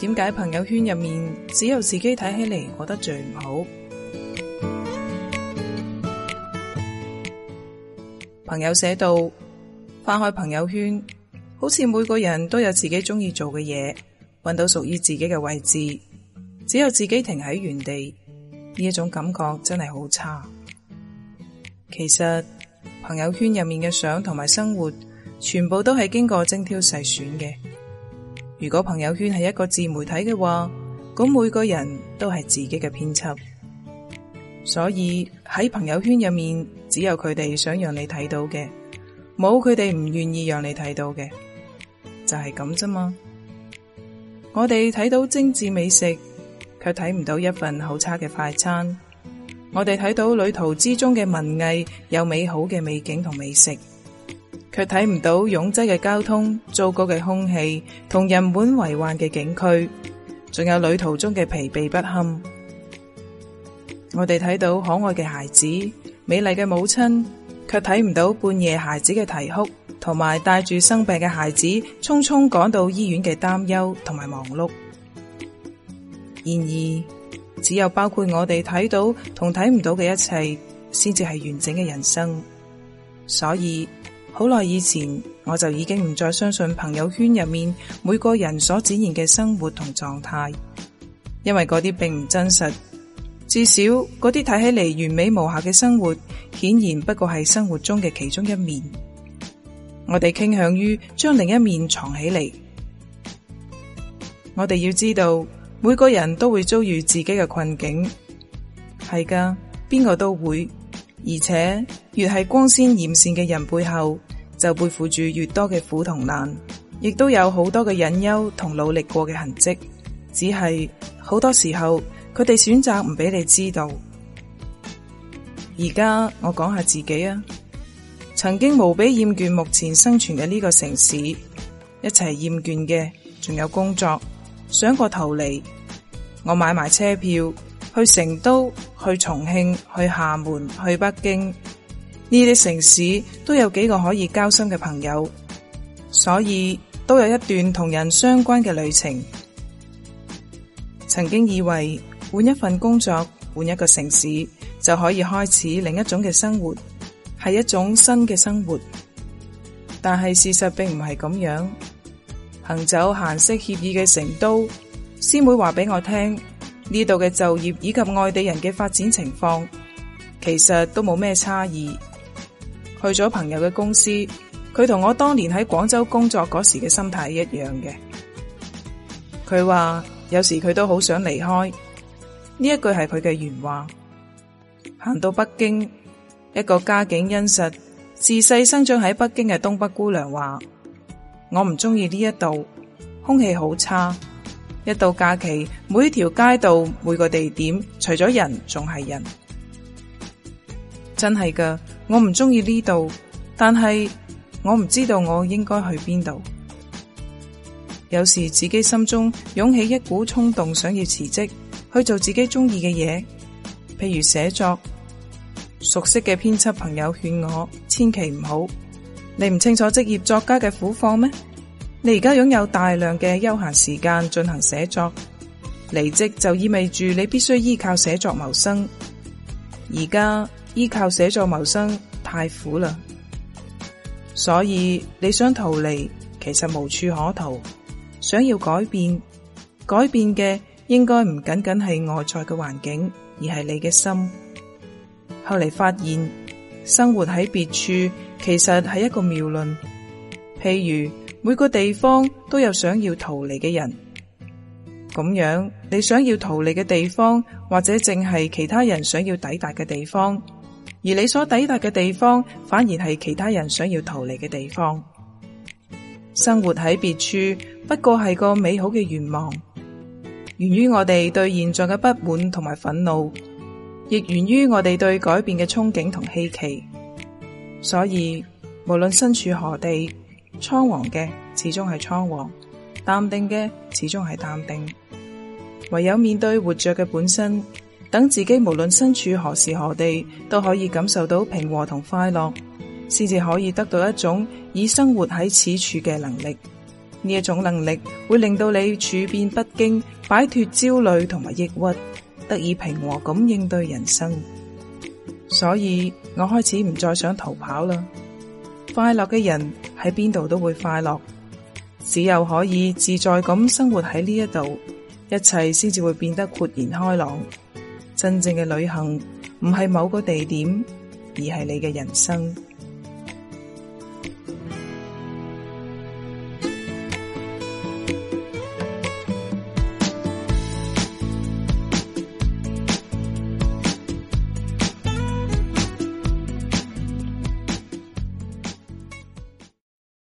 點解朋友圈入面只有自己睇起嚟過得最唔好？朋友寫到，翻開朋友圈，好似每個人都有自己鍾意做嘅嘢，搵到屬於自己嘅位置，只有自己停喺原地，呢一種感覺真係好差。其實朋友圈入面嘅相同埋生活，全部都係經過精挑細選嘅。如果朋友圈係一個自媒體嘅話，咁每個人都係自己嘅編輯，所以喺朋友圈入面，只有佢哋想讓你睇到嘅，冇佢哋唔願意讓你睇到嘅，就係咁啫嘛。我哋睇到精緻美食，卻睇唔到一份好差嘅快餐。我哋睇到旅途之中嘅文藝有美好嘅美景同美食。卻睇唔到擁擠嘅交通、糟糕嘅空氣同人滿為患嘅景區，仲有旅途中嘅疲憊不堪。我哋睇到可愛嘅孩子、美麗嘅母親，卻睇唔到半夜孩子嘅啼哭，同埋帶住生病嘅孩子匆匆趕到醫院嘅擔憂同埋忙碌。然而，只有包括我哋睇到同睇唔到嘅一切，先至係完整嘅人生。所以。好耐以前，我就已經唔再相信朋友圈入面每個人所展現嘅生活同狀態，因為嗰啲並唔真實。至少嗰啲睇起嚟完美無瑕嘅生活，顯然不過係生活中嘅其中一面。我哋傾向於將另一面藏起嚟。我哋要知道，每個人都會遭遇自己嘅困境，係噶，邊個都會。而且越係光鮮豔羨嘅人背後，就背負住越多嘅苦同難，亦都有好多嘅隱憂同努力過嘅痕跡。只係好多時候，佢哋選擇唔俾你知道。而家我講下自己啊，曾經無比厭倦目前生存嘅呢個城市，一齊厭倦嘅仲有工作。想過逃離，我買埋車票去成都。去重慶、去廈門、去北京，呢啲城市都有幾個可以交心嘅朋友，所以都有一段同人相關嘅旅程。曾經以為換一份工作、換一個城市就可以開始另一種嘅生活，係一種新嘅生活，但係事實並唔係咁樣。行走閒適愜意嘅成都，師妹話俾我聽。呢度嘅就業以及外地人嘅發展情況，其實都冇咩差異。去咗朋友嘅公司，佢同我當年喺廣州工作嗰時嘅心態一樣嘅。佢話有時佢都好想離開，呢一句係佢嘅原話。行到北京，一個家境殷實、自細生長喺北京嘅東北姑娘話，我唔中意呢一度，空氣好差。一到假期，每條街道每個地點，除咗人，仲係人，真係噶。我唔鍾意呢度，但係我唔知道我應該去邊度。有時自己心中湧起一股衝動，想要辭職去做自己鍾意嘅嘢，譬如寫作。熟悉嘅編輯朋友勸我，千祈唔好。你唔清楚職業作家嘅苦況咩？你而家擁有大量嘅休閒時間進行寫作，離職就意味住你必須依靠寫作謀生。而家依靠寫作謀生太苦啦，所以你想逃離，其實無處可逃。想要改變，改變嘅應該唔僅僅係外在嘅環境，而係你嘅心。後嚟發現，生活喺別處其實係一個謬論，譬如。每個地方都有想要逃離嘅人，咁樣你想要逃離嘅地方，或者淨係其他人想要抵達嘅地方，而你所抵達嘅地方，反而係其他人想要逃離嘅地方。生活喺別處，不過係個美好嘅願望，源於我哋對現狀嘅不滿同埋憤怒，亦源於我哋對改變嘅憧憬同希冀。所以，無論身處何地。倉皇嘅始終係倉皇，淡定嘅始終係淡定。唯有面對活着嘅本身，等自己無論身處何時何地，都可以感受到平和同快樂，先至可以得到一種以生活喺此處嘅能力。呢一種能力會令到你處變不驚，擺脫焦慮同埋抑鬱，得以平和咁應對人生。所以我開始唔再想逃跑啦。快樂嘅人。喺邊度都會快樂，只有可以自在咁生活喺呢一度，一切先至會變得豁然開朗。真正嘅旅行唔係某個地點，而係你嘅人生。